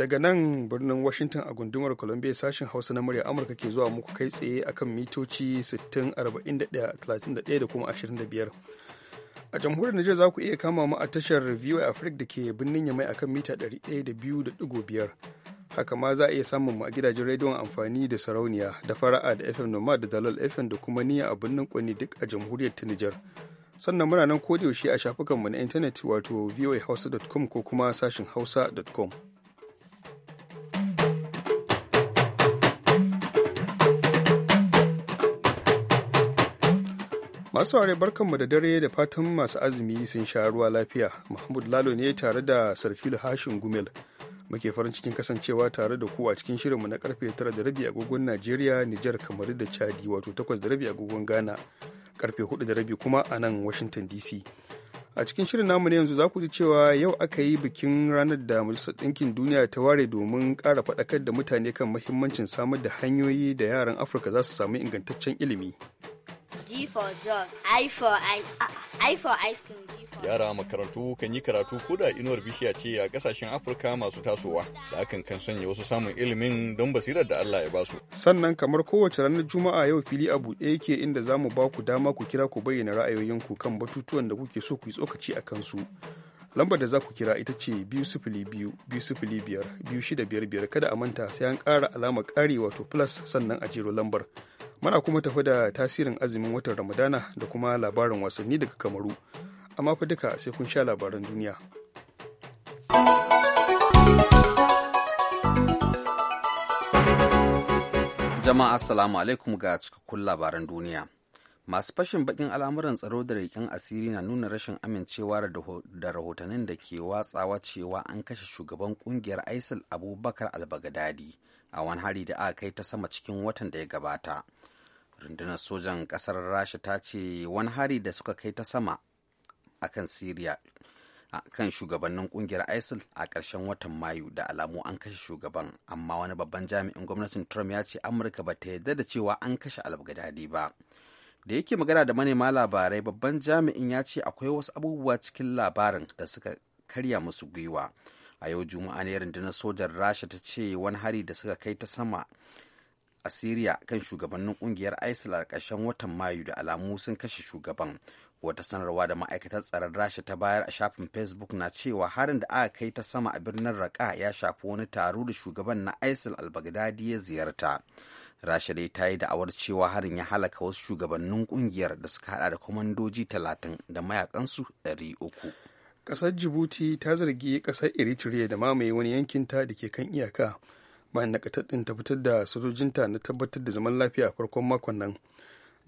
daga nan birnin washington a gundumar columbia sashen hausa na murya amurka ke zuwa muku kai tsaye akan mitoci 60 41 da kuma 25 a jamhuriyar Nijar za ku iya kama mu a tashar VOA Africa da ke birnin Yamai akan mita 102.5 haka ma za a iya samun mu a gidajen rediyon amfani da sarauniya da fara'a da FM Nomad da Dalal FM da kuma niyya a birnin Kwani duk a jamhuriyar ta Nijar sannan muna nan yaushe a shafukanmu na intanet wato voahausa.com ko kuma sashin hausa.com masu ware barkanmu da dare da fatan masu azumi sun sha ruwa lafiya mahmud lalo ne tare da sarfilu hashin gumel muke farin cikin kasancewa tare da ku a cikin shirinmu na karfe 9 da rabi agogon najeriya nijar kamaru da chadi wato 8 da rabi agogon ghana karfe 4 da rabi kuma a nan washington dc a cikin shirin namu ne yanzu za ku ji cewa yau aka yi bikin ranar da majalisar ɗinkin duniya ta ware domin ƙara faɗakar da mutane kan mahimmancin samar da hanyoyi da yaran afirka za su samu ingantaccen ilimi for Yara makarantu kan yi karatu ko da inuwar bishiya ce a kasashen Afirka masu tasowa da hakan kan sanya wasu samun ilimin don basirar da Allah ya basu. Sannan kamar kowace ranar Juma'a yau fili a buɗe yake inda za mu ba ku dama ku kira ku bayyana ra'ayoyinku kan batutuwan da kuke so ku yi tsokaci a kansu. lambar da za ku kira ita ce biyu sifili biyu biyu sifili biyar biyu shida biyar biyar kada a manta sai an ƙara alamar ƙari wato plus sannan a jero lambar muna kuma tafi da tasirin azumin watan ramadana da kuma labarin wasanni daga kamaru amma fa duka sai kun sha labaran duniya jama'a assalamu alaikum ga cikakkun labaran duniya masu fashin bakin al'amuran tsaro da rikin asiri na nuna rashin amincewa da rahotannin da ke watsawa cewa an kashe shugaban kungiyar isil abubakar albagadadi a wani hari da aka kai ta sama cikin watan da ya gabata rundunar sojan kasar rasha ta ce wani hari da suka kai ta sama a kan siriya kan shugabannin kungiyar isil a ƙarshen watan mayu da alamu an kashe shugaban amma wani babban jami'in gwamnatin trump ya ce amurka ba ta yarda da cewa an kashe albagadadi ba da yake magana da manema labarai babban jami'in ya ce akwai wasu abubuwa cikin labarin da suka karya musu gwiwa a yau juma'a ne rundunar sojan rasha ta ce wani hari da suka kai ta sama a siriya kan shugabannin kungiyar isil a ƙarshen watan mayu da alamu sun kashe shugaban wata sanarwa da ma'aikatar tsaron rasha ta bayar a shafin facebook na cewa harin da aka kai ta sama a birnin raka ya shafi wani taro da shugaban na isil al-baghdadi ya ziyarta rasha dai ta yi da'awar cewa harin ya halaka wasu shugabannin kungiyar da suka hada da kwamandoji talatin da mayakansu uku. Ƙasar jibuti ta zargi ƙasar eritrea da mamaye wani yankin ta da ke kan iyaka bayan da ta fitar da sojojinta na tabbatar da zaman lafiya a farkon makon nan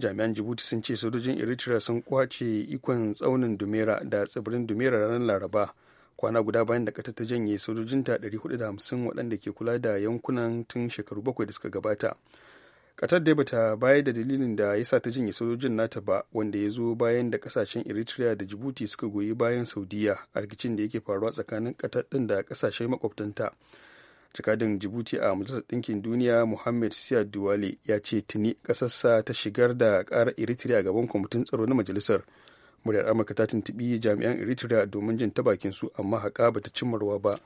jami'an jibuti sun ce sojojin eritrea sun kwace ikon tsaunin dumera da tsibirin dumera ranar laraba kwana guda bayan da kata ta janye sojojinta 450 waɗanda ke kula da yankunan tun shekaru bakwai da suka gabata katar dai bata bayar da dalilin da ya sa ta janye sojojin nata ba wanda ya zo bayan da kasashen eritrea da jibuti suka goyi bayan saudiya a rikicin da yake faruwa tsakanin katar ɗin da kasashen makwabtanta jakadin jibuti a majalisar ɗinkin duniya muhammad siyad duwale ya ce tuni ƙasarsa ta shigar da ƙarar eritrea gaban kwamitin tsaro na majalisar muryar amurka ta tuntuɓi jami'an eritrea domin jin ta bakin su amma haƙa bata cimmarwa ba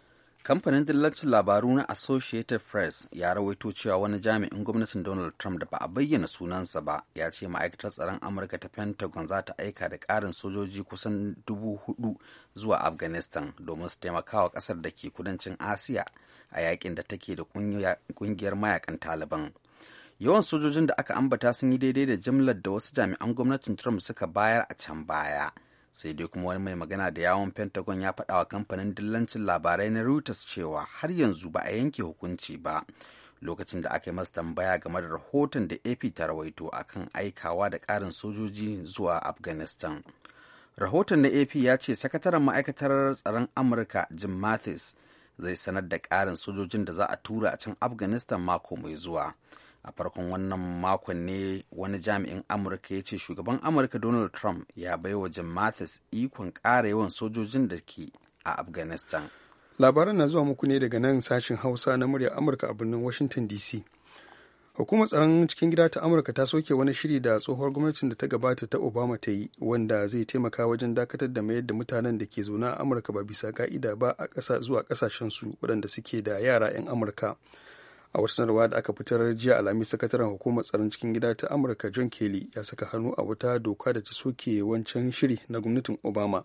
kamfanin dillacin labaru na associated press ya rawaito cewa wani jami'in gwamnatin donald trump da ba a bayyana sunansa ba ya ce ma'aikatar tsaron amurka ta pentagon za ta aika da ƙarin sojoji kusan dubu hudu zuwa afghanistan domin su taimakawa wa ƙasar da ke kudancin asiya a yakin da take da kungiyar mayakan taliban yawan sojojin da aka ambata sun yi daidai da jimlar da wasu jami'an gwamnatin trump suka bayar a can baya sai dai kuma wani mai magana da yawon pentagon ya faɗa wa kamfanin dillancin labarai na reuters cewa har yanzu ba a yanke hukunci ba lokacin da aka yi masa tambaya game da rahoton da ap ta rawaito akan aikawa da ƙarin sojoji zuwa afghanistan rahoton na ap ya ce sakataren ma'aikatar tsaron amurka jim mathis zai sanar da ƙarin sojojin da za a tura a can afghanistan mako mai zuwa a farkon wannan makon ne wani jami'in amurka ya ce shugaban amurka donald trump ya baiwa jim mathis ikon ƙara yawan sojojin da ke a afghanistan labaran na zuwa muku ne daga nan sashen hausa na murya amurka a birnin washington dc hukumar tsaron cikin gida ta amurka ta soke wani shiri da tsohuwar gwamnatin da ta gabata ta obama ta yi wanda zai taimaka wajen dakatar da mayar da mutanen da ke zaune a amurka ba bisa ka'ida ba a ƙasa zuwa su waɗanda suke da yara 'yan amurka a wata sanarwa da aka fitar jiya alami sakataren hukumar tsaron cikin gida ta amurka john kelly ya saka hannu a wata doka da ta soke wancan shiri na gwamnatin obama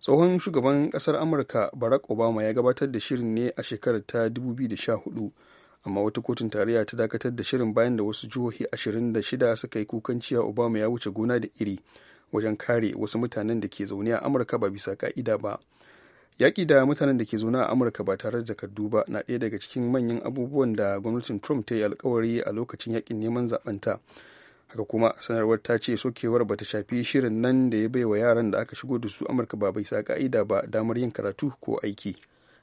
tsohon shugaban ƙasar amurka barack obama ya gabatar da shirin ne a shekarar ta 2014 amma wata kotun tarayya ta dakatar da shirin bayan da wasu jihohi 26 suka yi kukan cewa obama ya wuce gona da iri wajen kare wasu mutanen da ke zaune a amurka ba bisa ka'ida ba yaƙi da mutanen da ke zaune a amurka ba tare da takardu ba na ɗaya daga cikin manyan abubuwan da gwamnatin trump ta yi alkawari a lokacin yaƙin neman ta haka kuma sanarwar ta ce sokewar ba ta shafi shirin nan da ya baiwa yaran da aka shigo da su amurka ba bisa ka'ida ba damar yin karatu ko aiki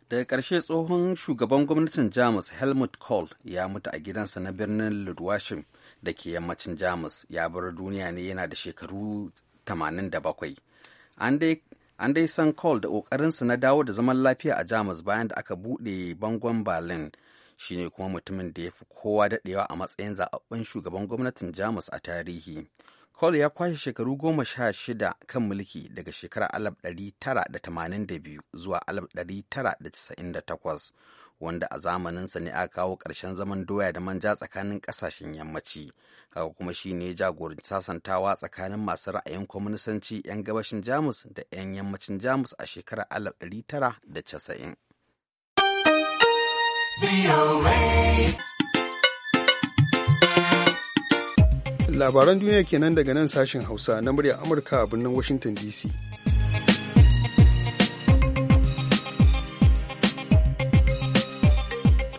daga ƙarshe tsohon shugaban gwamnatin jamus helmut kohl ya mutu a gidansa na birnin ludwashim da ke yammacin jamus ya bar duniya ne yana da shekaru 87 an dai san kohl da ƙoƙarinsa na dawo da zaman lafiya a jamus bayan da aka buɗe bangon berlin shine kuma mutumin da ya fi kowa daɗewa a matsayin zaɓaɓɓen shugaban gwamnatin jamus a tarihi Hall ya kwashe shekaru goma sha shida kan mulki daga shekarar 1982 zuwa 1998 wanda a zamaninsa ne aka kawo ƙarshen zaman doya da manja tsakanin ƙasashen yammaci haka kuma shi ne jagorin sasantawa tsakanin masu ra'ayin kwamunisanci 'yan gabashin jamus da 'yan yammacin jamus a shekarar 1990 labaran duniya kenan daga nan sashen hausa na murya amurka a birnin washington dc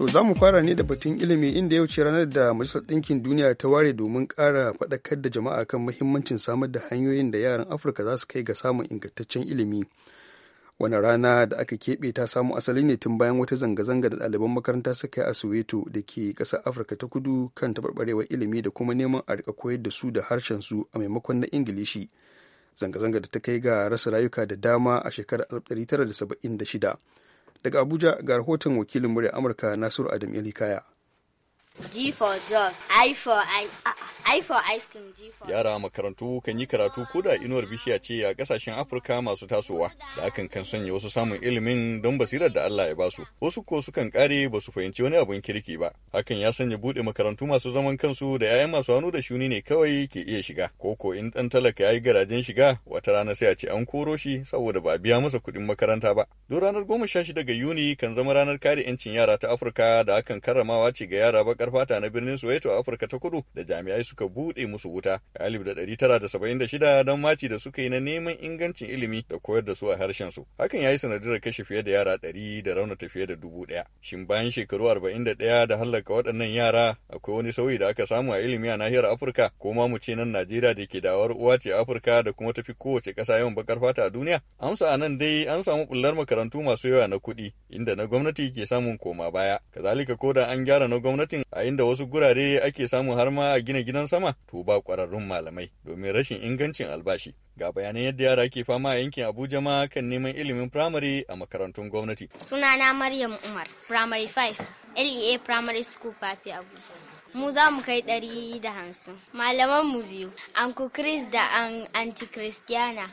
To za mu fara ne da batun ilimi inda yau ce ranar da Majalisar Ɗinkin Duniya ta ware domin ƙara faɗakar da jama'a kan mahimmancin samar da hanyoyin da yaran Afirka za su kai ga samun ingantaccen ilimi. wani rana da aka keɓe ta samu asali ne tun bayan wata zanga-zanga da ɗaliban makaranta suka yi a soweto da ke ƙasar afirka ta kudu kan taɓarɓarewar ilimi da kuma neman a riƙa koyar da su da harshen su a maimakon na ingilishi zanga-zanga da ta kai ga rasa rayuka da dama a shekarar 1976 daga abuja ga rahoton wakilin murya amurka nasiru adam ilikaya G for John, I for I, I for ice cream, G for. Yara makarantu kan yi karatu ko da inuwar bishiya ce a kasashen Afirka masu tasowa da hakan kan sanya wasu samun ilimin don basirar da Allah ya basu Wasu ko sukan kare ba su fahimci wani abun kirki ba. Hakan ya sanya bude makarantu masu zaman kansu da yayan masu hannu da shuni ne kawai ke iya shiga. Ko ko in dan talaka ya yi garajen shiga wata rana sai a ce an koro shi saboda ba biya masa kuɗin makaranta ba. Don ranar goma sha shida ga Yuni kan zama ranar kare 'yancin yara ta Afirka da hakan karramawa ce ga yara bakar bakar fata na birnin Soweto a Afirka ta Kudu da jami'ai suka buɗe musu wuta da shida don maci da suka yi na neman ingancin ilimi da koyar da su a harshen su. Hakan ya yi sanadiyar kashe fiye da yara 100 da raunata fiye da dubu ɗaya. Shin bayan shekaru 41 da hallaka waɗannan yara akwai wani sauyi da aka samu a ilimi a nahiyar Afirka ko ma mu ce nan Najeriya da ke dawar uwa ce Afirka da kuma tafi kowace ƙasa yawan bakar fata a duniya? Amsa a nan dai an samu bullar makarantu masu yawa na kuɗi inda na gwamnati ke samun koma baya. Kazalika ko da an gyara na gwamnatin a inda wasu gurare ake samun har ma a gina gidan sama to ba ƙwararrun malamai domin rashin ingancin albashi ga bayanan yadda yara ke fama a yankin Abuja ma kan neman ilimin firamare a makarantun gwamnati. Sunana Maryam Umar, Primary 5, LEA Primary School Fafi Abuja. Mu za mu kai ɗari da hamsin. Malaman mu biyu, Anku Chris da an Anti Christiana.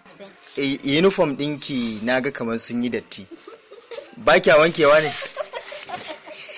Eh, uniform ɗinki na ga kamar sun yi datti. Ba kya wankewa ne?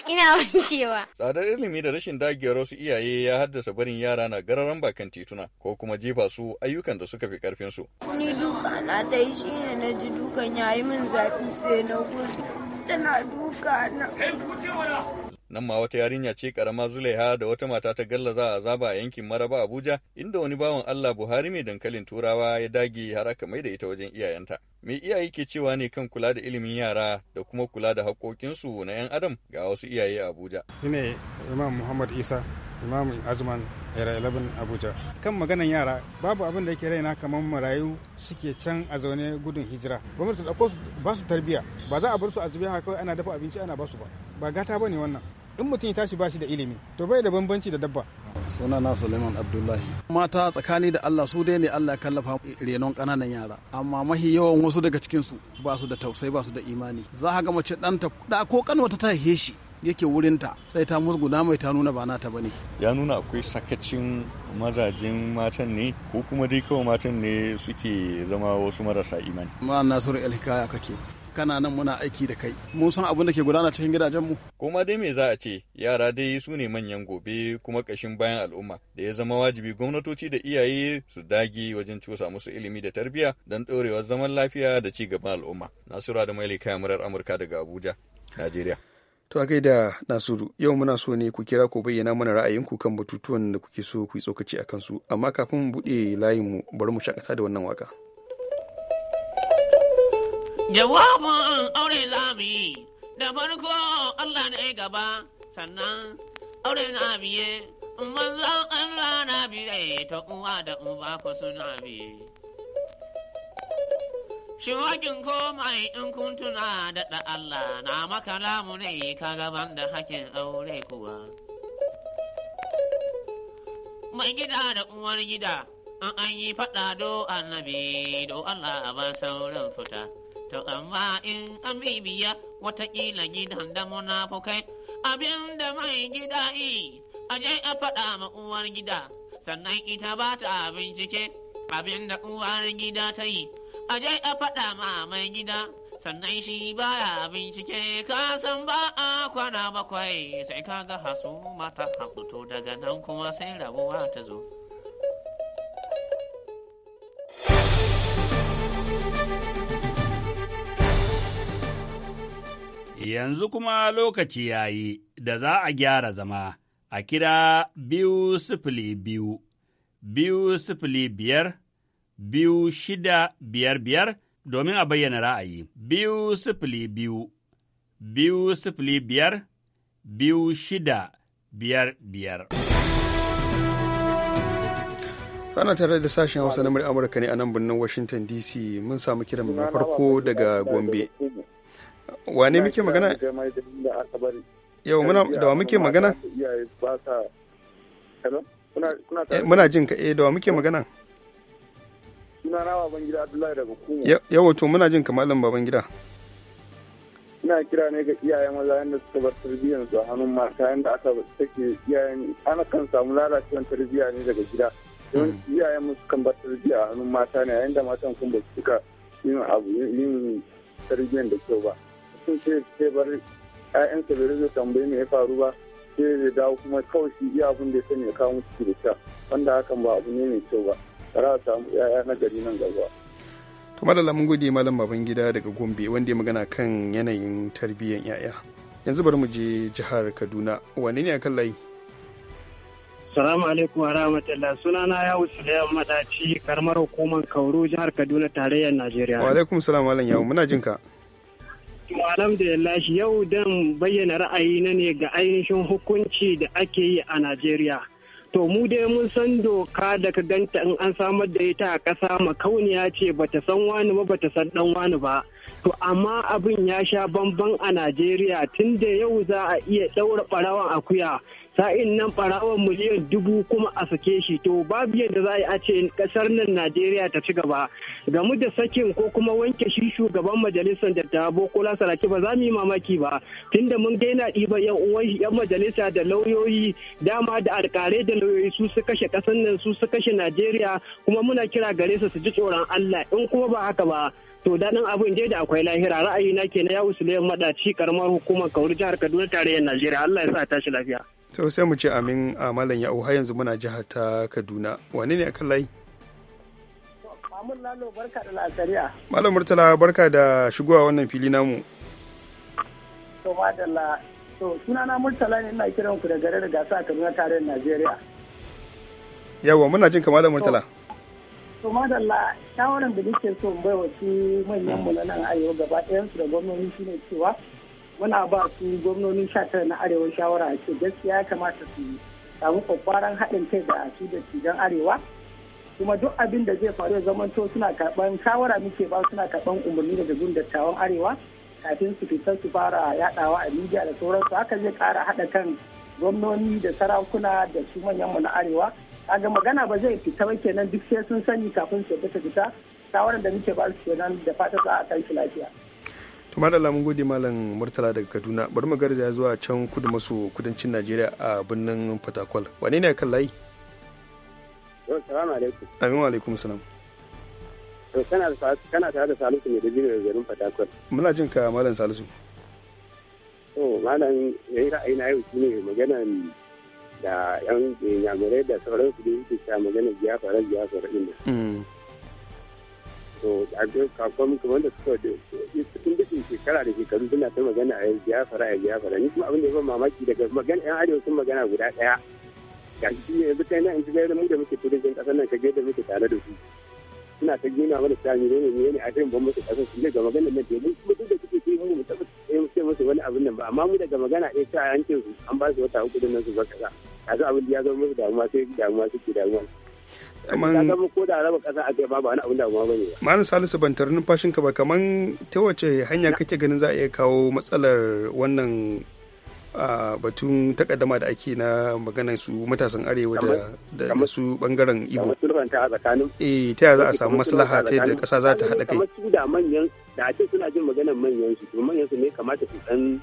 Ina wankewa. Tsadar ilimi da rashin dagiyar wasu iyaye ya haddasa barin yara na gararan bakan tituna ko kuma jefa su ayyukan da suka fi karfin su. Ni duka na ta yi shi ne na ji dukan yayi min zafi sai na gudu. Tana duka na. Kai ku ce nan ma wata yarinya ce karama zulaiha da wata mata ta gallaza a zaba a yankin maraba abuja inda wani bawan allah buhari mai dankalin turawa ya dage har aka mai da ita wajen iyayenta me iyaye ke cewa ne kan kula da ilimin yara da kuma kula da haƙoƙinsu na 'yan adam ga wasu iyaye a abuja ne imam muhammad isa imam azman era 11 abuja kan maganan yara babu abin da yake raina kamar marayu suke can a zaune gudun hijira gwamnati ta ɗauko su ba su tarbiya ba za a bar su a zubi haka kawai ana dafa abinci ana ba su ba ba gata ba ne wannan in mutum ya tashi ba shi da ilimi to bai da bambanci da dabba suna na suleiman abdullahi mata tsakani da allah su dai ne allah ya kallafa renon kananan yara amma mahi yawan wasu daga cikinsu ba su da tausayi ba su da imani za ka ga mace ɗanta da ko kanwa ta haihe shi yake wurinta sai ta musguna mai ta nuna ba nata bane ya nuna akwai sakacin mazajen matan ne ko kuma dai kawai matan ne suke zama wasu marasa imani ma nasiru alhikaya kake kana nan muna aiki da kai mun san abin da ke gudana cikin gidajen gidajenmu koma dai me za a ce yara dai su ne manyan gobe kuma ƙashin bayan al'umma da ya zama wajibi gwamnatoci da iyaye su dage wajen cusa musu ilimi da tarbiyya don ɗorewar zaman lafiya da ci gaban al'umma nasura da maili kayan murar amurka daga abuja najeriya To a gaida nasuru yau muna so ne ku kira ko bayyana mana ra'ayinku kan batutuwan da kuke so ku yi tsokaci a kansu, amma kafin mu buɗe layinmu bari mu shakata da wannan waka. Jawabin aure yi da farko Allah ne gaba sannan aure na biye manzan Allah na biye ta uwa da uba ku suna biye. Shiwakin komai in kun tuna daɗa Allah na maka lamu ne ka gaban da hakin aure kuwa. Mai gida da uwar gida, an an yi faɗa do annabi do Allah a ba sauran fita. To amma in an bibiya watakila gidan da munafukai abin da mai gida yi a je a faɗa ma uwar gida sannan ita ba ta bincike abin da uwar gida ta yi je a faɗa ma mai gida sannan shi baya bincike ka san ba a kwana bakwai sai kaga hasu mata haɗu daga nan kuma sai rabuwa ta zo. Yanzu kuma lokaci ya yi da za a gyara zama a kira biyu sifili biyu, biyu sifili biyar, biyu shida biyar biyar domin a bayyana ra'ayi. Biyu sifili biyu, biyu sifili biyar, biyu shida biyar biyar. ana tare da sashen hausa na amurka ne a nan birnin washington dc mun samu kiran na farko daga gombe wane muke magana yau muna da wa muke magana eh, muna jin ka eh da wa muke magana sunana gida Abdullahi daga Kumo. yau wato muna jin ka baban Babangida. Ina kira ne ga iyayen maza yadda suka bar tarbiyyar su a hannun mata yadda aka take iyayen ana kan samu lalacewar tarbiyya ne daga gida. Don hmm. iyayen mu kan bar tarbiyya a hannun mata ne yayin da matan kun ba su suka yin abu yin tarbiyyar da kyau ba. mutum sai ya bar ta da rage tambayi me ya faru ba sai ya dawo kuma kawai shi iya abin da ya sani ya kawo musu da sha wanda hakan ba abu ne mai kyau ba za a samu ƴaƴa na gari nan gaba. to madalla mun gode malam baban gida daga gombe wanda ya magana kan yanayin tarbiyyar yaya yanzu bari mu je jihar kaduna wane ne akan layi. Salamu alaikum wa rahmatullah sunana ya wuce da madaci karamar hukumar Kauru jihar Kaduna tarayyar Najeriya. Wa alaikum salam malam yawo muna jin ka. da Alhamdulillah yau dan bayyana ra'ayi na ne ga ainihin hukunci da ake yi a Najeriya. To mu dai mun san doka da ka ganta in an samar da ita a ƙasa makauniya ce ba ta san wani ba ta san dan wani ba. To amma abin ya sha bamban a Najeriya tun da yau za a iya ɗaura ɓarawan akuya sa'in nan barawon miliyan dubu kuma a sake shi to babu yadda za a ce kasar nan najeriya ta ci gaba mu da sakin ko kuma wanke shi shugaban majalisar dattawa bokola saraki ba za mu yi mamaki ba tunda mun yana ɗiba yan uwan yan majalisa da lauyoyi dama da alƙalai da lauyoyi su su kashe ƙasar nan su su kashe najeriya kuma muna kira gare su su ji tsoron allah in kuma ba haka ba to daɗin abin dai da akwai lahira ra'ayi na kenan yawu wusule madaci karamar hukumar kauri jihar kaduna tarayyar najeriya allah ya sa tashi lafiya to sai mu ce amin a malam ya'u har yanzu muna jihar ta kaduna wani ne akan layi barka da Malam Murtala barka da shigowa wannan fili namu. To madalla to sunana Murtala ne ina kiran ku da garin gasa a Kaduna tarayyar Najeriya. Yawwa muna jin ka Malam Murtala. To madalla shawaran da nake so in baiwa su manyan mu na nan arewa gaba ɗayan su da gwamnati shine cewa muna ba su gwamnonin sha tara na arewa shawara a ce gaskiya ya kamata su samu kwakwaran haɗin kai da su da cijan arewa kuma duk abin da zai faru ya zamanto suna karɓan shawara muke ba suna karɓan umarni daga gun dattawan arewa kafin su fitar su fara yaɗawa a media da sauransu haka zai ƙara haɗa kan gwamnoni da sarakuna da su manyanmu na arewa kaga magana ba zai fita ba kenan duk sai sun sani kafin su fita fita shawarar da muke ba su kenan da fata za a kai lafiya. tumar da lamun gode malam murtala daga kaduna bari mu ya zuwa can kudu maso kudancin najeriya a birnin fatakwal wane ne kan layi salamu alaikum amin alaikum salam kana tare da salisu mai da jini garin fatakwal muna jin ka malam salisu to malam ya ra'ayi na yau shine magana da yan yamurai da sauransu da yake ta maganar biyafarar biyafarar inda to akwai kamar da suka da cikin dukkan shekara da shekaru suna ta magana a biyafara a biyafara ni kuma abin da ya mamaki daga magana yan arewa sun magana guda daya ga shi ne yanzu kai na in ji da mu da muke turistin kasar nan ka je da muke tare da su suna ta gina mana ta ne ne ne a kan ban musu kasar su ne ga maganar nan domin kuma duk da suke ce mu mu taɓa ce musu wani abin nan ba amma mu daga magana ɗaya ta yankin su an ba su wata hukudu nan su ba kaza a abin da ya zama musu damuwa sai damuwa suke damuwa kaman ko da raba kasa a ba ba abin damuwa bane ba malam salisu ban tarin numfashin ba kaman ta wace hanya kake ganin za a iya kawo matsalar wannan batun takaddama da ake na maganar su matasan arewa da da su bangaren ibo eh ta yaya za a samu maslaha ta yadda kasa za ta hada kai kamar su da manyan da ake suna jin maganar manyan su to manyan su ne kamata su dan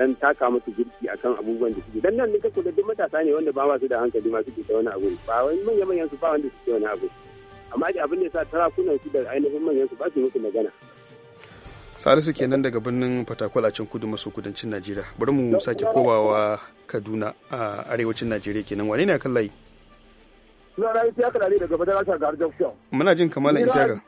dan taka musu girki akan abubuwan da suke dan nan nika kuma duk matasa ne wanda ba su da hankali ma suke ta wani abu ba wai manyan manyan su ba wanda suke wani abu amma da abin da yasa sarakunan su da ainihin manyan su ba su musu magana salisu kenan daga birnin fatakwal a can kudu maso kudancin najeriya bari mu sake kowawa kaduna a arewacin najeriya kenan wane ne kan layi sunana isiyaka da daga badar ga harjar muna jin kamala isiyaka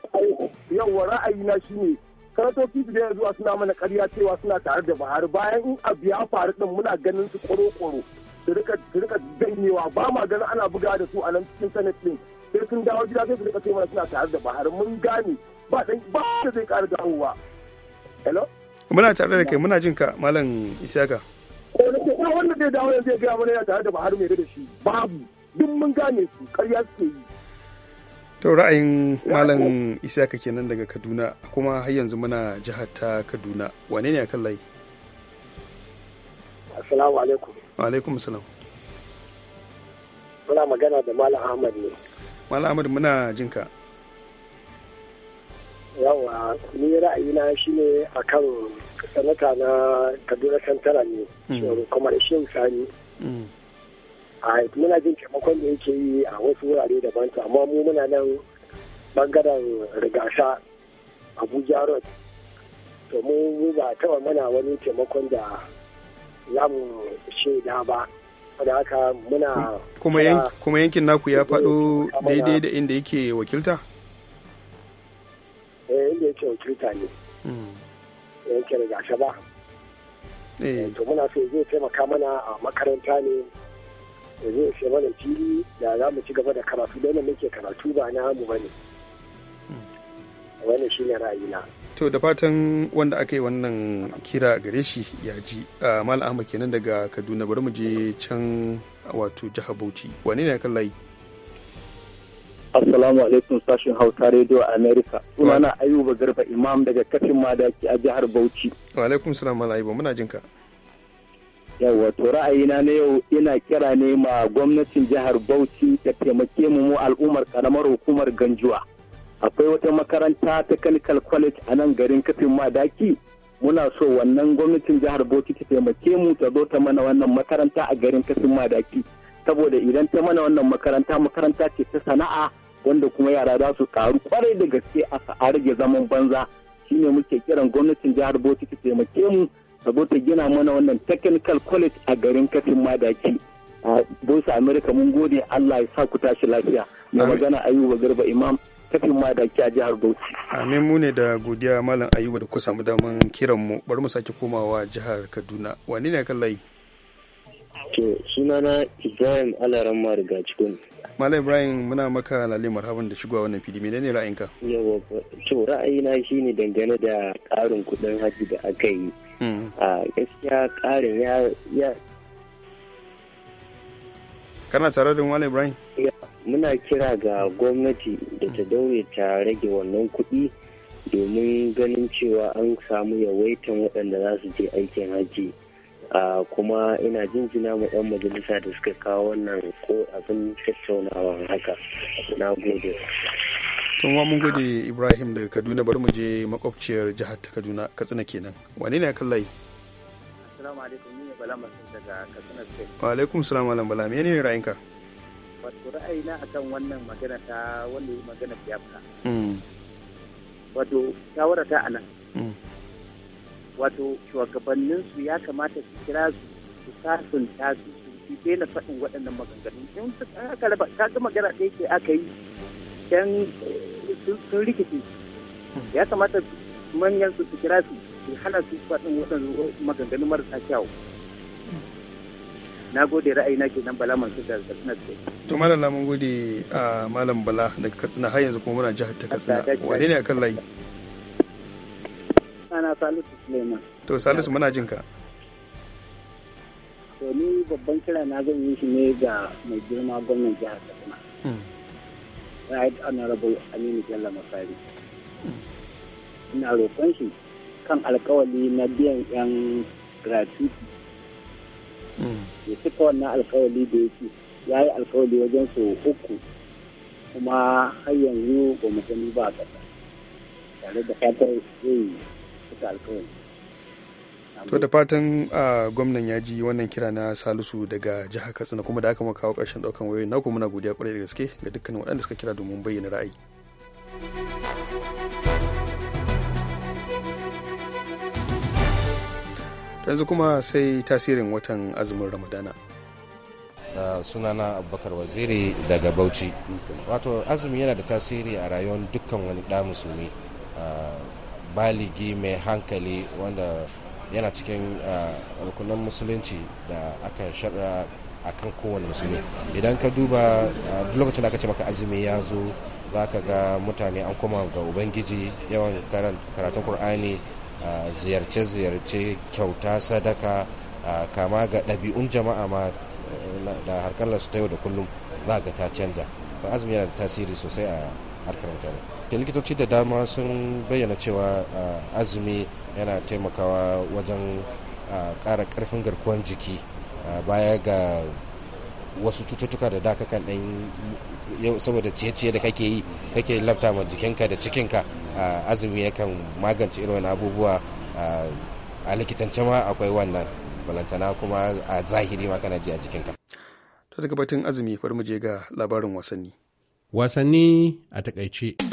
yawwa shi ne. sanatoci da yanzu suna mana karya cewa suna tare da buhari bayan in abu ya faru din muna ganin su koro-koro su rika janyewa ba ma ganin ana buga da su a nan cikin senate din sai sun dawo gida sai su rika cewa suna tare da buhari mun gane ba dan ba da zai ƙara dawowa hello muna tare da kai muna jin ka malam isaka ko ne ko wanda zai dawo yanzu ya ga mana ya tare da buhari mai da shi babu duk mun gane su karya suke yi to ra'ayin malam isaka kenan daga kaduna kuma har yanzu muna jihar ta kaduna wane ne a kan layi assalamu alaikum wa alaikum assalam muna magana da malam ahmad ne malam ahmad muna jinka yawa ni ra'ayina a akan sanata na kaduna santara ne mm. kuma da sani mm. a muna jin taimakon da yake yi a wasu wurare daban amma mu muna nan bangaren rigasha abuja road to mu ba taba mana wani taimakon da za mu shaida ba da haka muna kuma yankin naku ya faɗo daidai da inda yake wakilta? eh inda yake wakilta ne hmm. yankin rigasha ba eh. Eh, to muna so zai taimaka mana a makaranta ne ya zo ya mana fili da za mu ci gaba da karatu da nan muke karatu ba na mu bane wannan shine ra'ayina to da fatan wanda aka yi wannan kira gare shi ya ji ah, mal ahmad kenan daga kaduna bari mu je can wato jihar bauchi wane ne kallai Assalamu alaikum sashen Hausa Radio America. na Ayuba Garba Imam daga kafin Madaki a jihar Bauchi. Wa alaikum salam Ayuba muna jinka. yawa to ra'ayina na yau ina kira ne ma gwamnatin jihar bauchi ta taimake mu mu al'ummar karamar hukumar ganjuwa akwai wata makaranta ta technical college a nan garin kafin madaki muna so wannan gwamnatin jihar bauchi ta taimake mu ta zo ta mana wannan makaranta a garin kafin madaki saboda idan ta mana wannan makaranta makaranta ce ta sana'a wanda kuma yara za su karu kwarai da gaske a rage zaman banza shine muke kiran gwamnatin jihar bauchi ta taimake mu ta zo ta gina mana wannan technical college a garin kafin madaki a bosa america mun gode allah ya sa ku tashi lafiya na magana ayuba garba imam kafin madaki a jihar bauchi amin mu ne da godiya malam ayuba da ku samu daman kiran mu bari mu sake komawa jihar kaduna wani ne kan layi to sunana ibrahim alaran mariga cikin Malam Ibrahim muna maka lalle marhaban da shigowa wannan fili menene ra'ayinka? Yawa to ra'ayina shine dangane da ƙarin kuɗin haji da aka yi a gaskiya karin ya kana tare da wani Ibrahim? Muna kira ga gwamnati da ta daure ta rage wannan kuɗi domin ganin cewa an samu yawaitan waɗanda za su je aikin hajji. kuma ina jinjina mu 'yan majalisa da suka kawo wannan ko abin tattaunawa haka. Na gode. tunwa mun gode ibrahim daga kaduna bari mu je makwabciyar jihar ta kaduna katsina kenan wane ne kan layi alaikum ni ne bala masu daga katsina state wa alaikum salam alam bala ne ra'ayinka wato ra'ayina akan wannan magana ta wanda yi magana siyasa mm. wato shawara ta anan mm. wato shugabannin su ya kamata su kira su su tasu su su daina faɗin waɗannan maganganun in ta ga magana ɗaya ke aka yi idan sun rikici ya kamata manyan su su kira su su hana su faɗin waɗannan maganganu marasa kyau na gode ra'ayi ke nan bala masu da katsina ce to malala mun gode a malam bala daga katsina har yanzu kuma muna jihar ta katsina wane ne akan layi ana salisu suleiman to salisu muna jin ka to ni babban kira na zan yi shi ne ga mai girma gwamnan jihar katsina hmm. right honorable aminu jalla masari ina roƙon shi kan alkawali na biyan yan gratuity hmm. ya cika wannan alkawali da yake ya yi alkawali wajen so uku kuma har yanzu ba mu gani ba a ƙasa tare da fatar zai cika alkawali to da fatan gwamnan ya ji wannan kira na salisu daga jihar katsina kuma da aka maka kawo ƙarshen ɗaukan wayoyin naku muna godiya kwarai da gaske ga dukkanin waɗanda suka kira domin bayyana ra'ayi yanzu kuma sai tasirin watan azumin ramadana da sunana abubakar waziri daga bauchi wato azumi yana da tasiri a rayuwar dukkan wani da musulmi baligi mai hankali wanda yana cikin uh, rukunan musulunci da aka shaɗa a kan kowane musulmi idan ka duba uh, duk lokacin da aka ce maka azumi ya zo za ka ga mutane an koma ga ubangiji yawan karatun kur'ani uh, ziyarce-ziyarce kyauta sadaka kama ga ɗabi'un jama'a ma da harkar su ta yau da kullum za ga ta canza azumi yana da tasiri sosai a harkar mutane da likitoci da dama sun bayyana cewa azumi yana taimakawa wajen ƙara karfin garkuwar jiki baya ga wasu cututtuka da daka kan ɗan yau saboda ciye-ciye da kake yi kake labta ma jikinka da cikinka azumi yakan magance irin wani abubuwa a likitance ma akwai wannan balantana kuma a zahiri ma kana ji a jikinka ta daga batun azumi bari mu ga labarin wasanni Wasanni a takaice.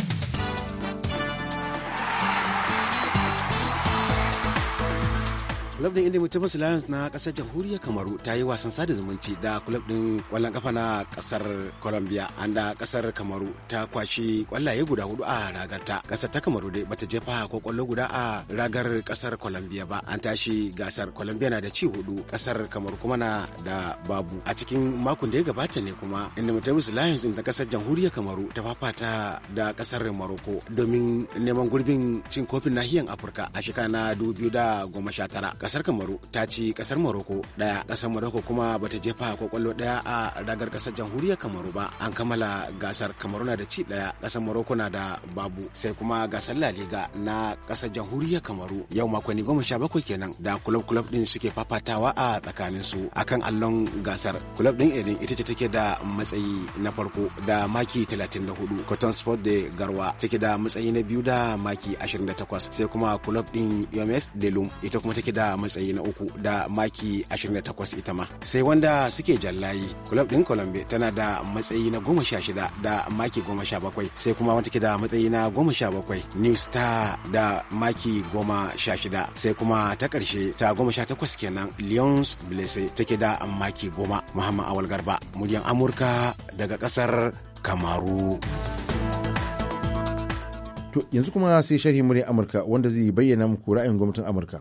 Club din Indian Mutumus Lions na kasar jamhuriyar Kamaru ta yi wasan sada zumunci da club din kwallon kafa na kasar Colombia an da kasar Kamaru ta kwashi kwallaye guda hudu a ragar ta. Kasar ta Kamaru dai bata jefa ko kwallo guda a ragar kasar Colombia ba. An tashi gasar Colombia na da ci hudu kasar Kamaru kuma na da babu. A cikin makon da ya gabata ne kuma Indian Mutumus Lions din da kasar jamhuriyar Kamaru ta fafata da kasar maroko domin neman gurbin cin kofin nahiyar Afirka a shekara na 2019. kasar kamaru ta ci kasar morocco daya kasar morocco kuma bata jefa ko kwallo daya a ragar kasar jamhuriyar kamaru ba an kammala gasar kamaru na da ci daya kasar maroko na da babu sai kuma gasar laliga na kasar jamhuriyar kamaru yau makonni goma sha bakwai kenan da kulob kulob din suke fafatawa a tsakanin su akan allon gasar kulob din irin ita ce take da matsayi na farko da maki 34 cotton sport de garwa take da matsayi na biyu da maki 28 sai kuma kulob din yomes delum ita kuma take da matsayi na uku da maki 28 ita ma sai wanda suke jallayi club din colombia tana da matsayi na 16 da maki 17 sai kuma wata ke da matsayi na 17 new star da maki 16 sai kuma ta karshe ta 18 kenan lyons blessé take da maki 10 muhammad awal garba muryan amurka daga kasar kamaru To yanzu kuma sai sharhi murya Amurka wanda zai bayyana muku ra'ayin gwamnatin Amurka.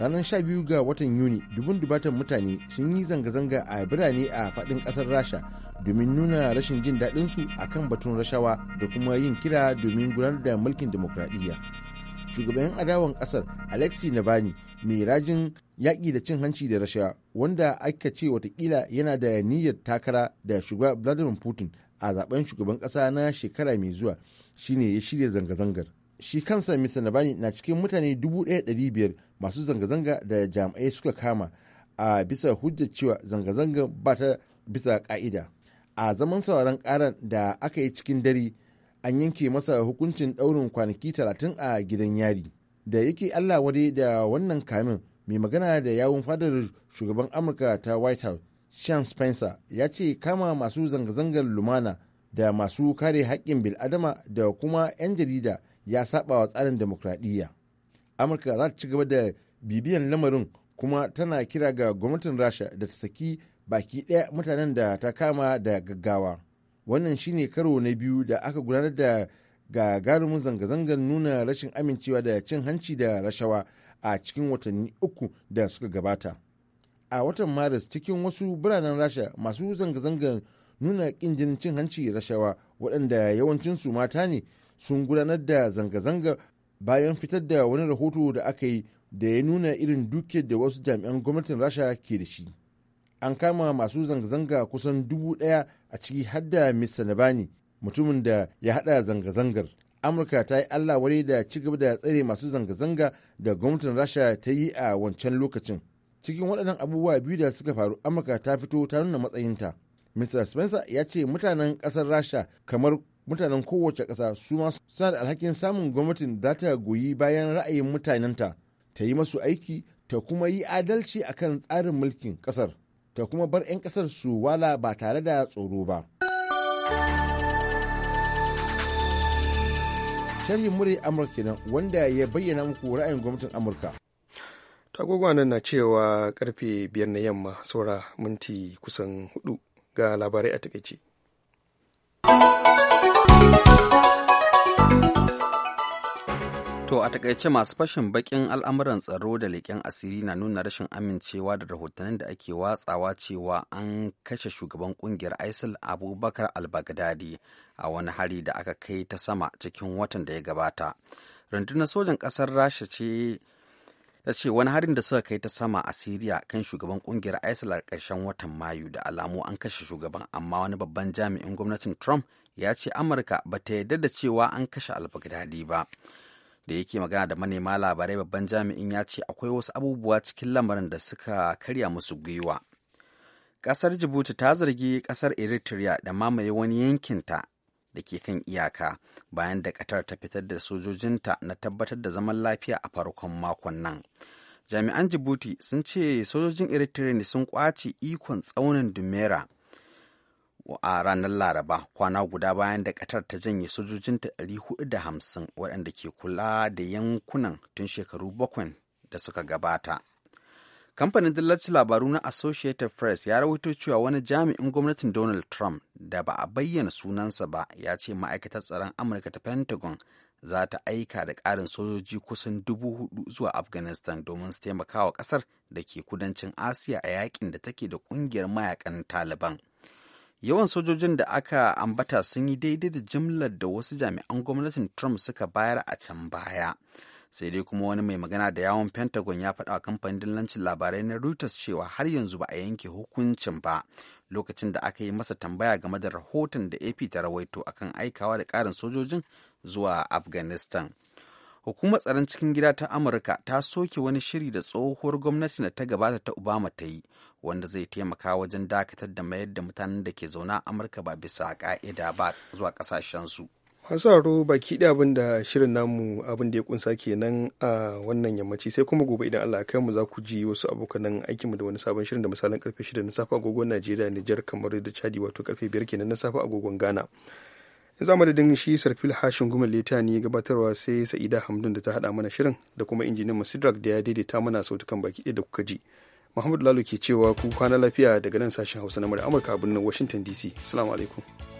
ranar 12 ga watan yuni dubun dubatan mutane sun yi zanga-zanga a birane a fadin kasar rasha domin nuna rashin jin daɗinsu a kan batun rashawa da kuma yin kira domin gudanar da mulkin demokradiyya shugaban adawan kasar alexi nabani mai rajin yaƙi da cin hanci da rasha wanda aka ce watakila yana da niyyar takara da shugaban vladimir putin a zaben shugaban ƙasa na shekara mai zuwa shine ya shirya zanga-zangar shi kansa mr nabani na cikin mutane 1,500 masu zanga-zanga da jami'ai suka kama a bisa hujjar cewa zanga-zangar ba ta bisa ka'ida a zaman sauran karan da aka yi cikin dare an yanke masa hukuncin daurin kwanaki 30 a gidan yari da yake allah wade da wannan kamin mai magana da yawun fadar shugaban amurka ta white house sean spencer ya ce kama masu zanga-zangar lumana da masu kare haƙƙin bil'adama da kuma 'yan jarida ya saba wa tsarin demokradiyya amurka za ta ci gaba da bibiyan lamarin kuma tana kira ga gwamnatin rasha da ta saki baki ɗaya mutanen da ta kama da gaggawa wannan shine karo na biyu da aka gudanar da gagarumin zanga-zangar nuna rashin amincewa da cin hanci da rashawa a cikin watanni uku da suka gabata a watan maris cikin wasu biranen rasha masu zanga-zangar nuna kin jinin cin hanci rashawa waɗanda yawancinsu mata ne sun gudanar da zanga-zanga bayan fitar da wani rahoto da aka yi da ya nuna irin duke da wasu jami'an gwamnatin rasha ke da shi an kama masu zanga-zanga kusan dubu daya a ciki har da mr nabani mutumin da ya hada zanga-zangar amurka ta yi allah wari da ci gaba da tsare masu zanga-zanga da gwamnatin rasha ta yi a wancan lokacin cikin waɗannan abubuwa biyu da suka faru amurka ta fito ta nuna matsayinta mr spencer ya ce mutanen ƙasar rasha kamar mutanen kowace ƙasa su ma suna da alhakin samun gwamnatin da ta goyi bayan ra'ayin mutanenta ta yi masu aiki ta kuma yi adalci akan tsarin mulkin ƙasar ta kuma bar 'yan ƙasar su wala ba tare da tsoro ba. sharhin mure amurka kenan wanda ya bayyana muku ra'ayin gwamnatin amurka tagogo nan na cewa karfe biyar na yamma saura minti kusan hudu ga labarai a takaice. To a takaice masu fashin bakin al'amuran tsaro da leƙen asiri na nuna rashin amincewa da rahotannin da ake watsawa cewa an kashe shugaban kungiyar ISIL Abubakar al-Baghdadi a wani hari da aka kai ta sama cikin watan da ya gabata. Rundunar sojan ƙasar Rasha ce ta ce wani harin da suka kai ta sama a Siriya kan shugaban kungiyar ISIL a ƙarshen watan Mayu da alamu an kashe shugaban amma wani babban jami'in gwamnatin Trump ya ce Amurka ba ta yarda da cewa an kashe al-Baghdadi ba. da yake magana da manema labarai babban jami'in ya ce akwai wasu abubuwa cikin lamarin da suka karya musu gwiwa ƙasar jibuti ta zargi ƙasar eritrea da mamaye wani yankinta da ke kan iyaka bayan da ƙatar ta fitar da sojojinta na tabbatar da zaman lafiya a farkon makon nan jami'an jibuti sun ce sojojin eritrea ne sun kwace ikon tsaunin dumera a ranar laraba kwana guda bayan da ƙatar ta janye sojojinta 450 waɗanda ke kula da yankunan tun shekaru bakwai da suka gabata kamfanin dillacin labaru na associated press ya rawaito cewa wani jami'in gwamnatin donald trump da ba a bayyana sunansa ba ya ce ma'aikatar tsaron amurka ta pentagon za ta aika da ƙarin sojoji kusan dubu hudu zuwa afghanistan domin su taimaka wa ƙasar da ke kudancin asiya a yakin da take da ƙungiyar mayakan taliban yawan sojojin da aka ambata sun yi daidai da jimlar da wasu jami'an gwamnatin trump suka bayar a can baya sai dai kuma wani mai magana da yawon pentagon ya faɗa kamfanin dillancin labarai na reuters cewa har yanzu ba a yanke hukuncin ba lokacin da aka yi masa tambaya game da rahoton da ap ta rawaito akan aikawa da ƙarin sojojin zuwa afghanistan hukumar tsaron cikin gida ta amurka ta soke wani shiri da tsohuwar gwamnati da ta gabata ta obama ta yi wanda zai taimaka wajen dakatar da mayar da mutanen da ke zauna a amurka ba bisa ka'ida ba zuwa kasashensu masu haro baki da abin da shirin namu abin da ya kunsa kenan a wannan yammaci sai kuma gobe idan allah kai mu za ku ji wasu abokanan aikinmu da wani sabon shirin da misalin karfe shida na safa agogon najeriya nijar kamar da chadi wato karfe biyar kenan na safa agogon ghana in yanzu madadin shi sarfil hashin gumal leta ne gabatarwa sai sa'ida hamdun da ta hada mana shirin da kuma injinin masidrak da ya daidaita mana sautukan baki da kuka ji Muhammadu lalu ke cewa ku kwana lafiya daga nan sashen Hausa na Amurka a birnin Washington DC. Assalamu alaikum.